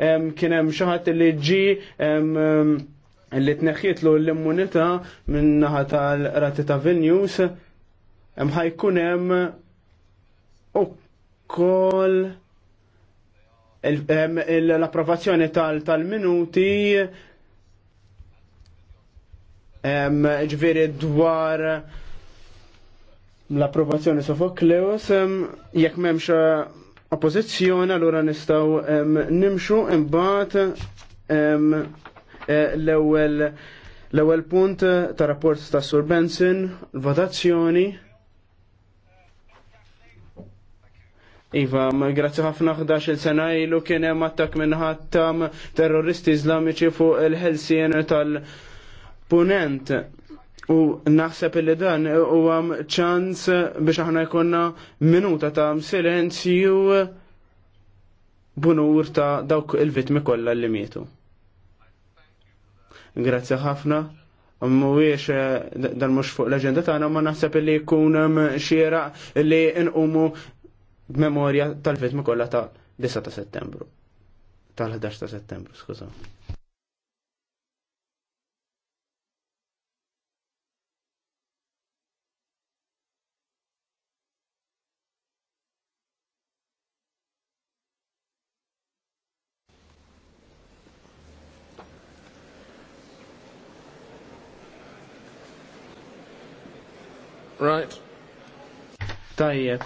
kien hemm xi ħadd li ġi li tneħħitlu l-immunità minn naħa tal-rati ta' Vilnius hemm ħajkun hemm ukoll l-approvazzjoni tal-minuti ġveri dwar l-approvazzjoni Sofokleus, jekk memx oppożizzjoni allura nistgħu nimxu imbagħad eh, l-ewwel l-ewwel punt ta' rapport ta' Sur Benson, votazzjoni. Iva, grazzi ħafna 11 sena ilu kien hemm attak minn ħattam terroristi iżlamiċi fuq il-ħelsien tal-punent. U naħseb li dan u għam ċans biex aħna jkonna minuta ta' silenzju bunur ta' dawk il-vitmi kollha li mietu. Grazzi ħafna. Mwiex eh, dan mhux fuq l-aġenda tagħna ma naħseb li jkun eh, xiera li nqumu b'memorja tal-vitmi kollha ta' 9 ta' Settembru. Tal-11 ta' Settembru, skuza. Right. Tajjeb.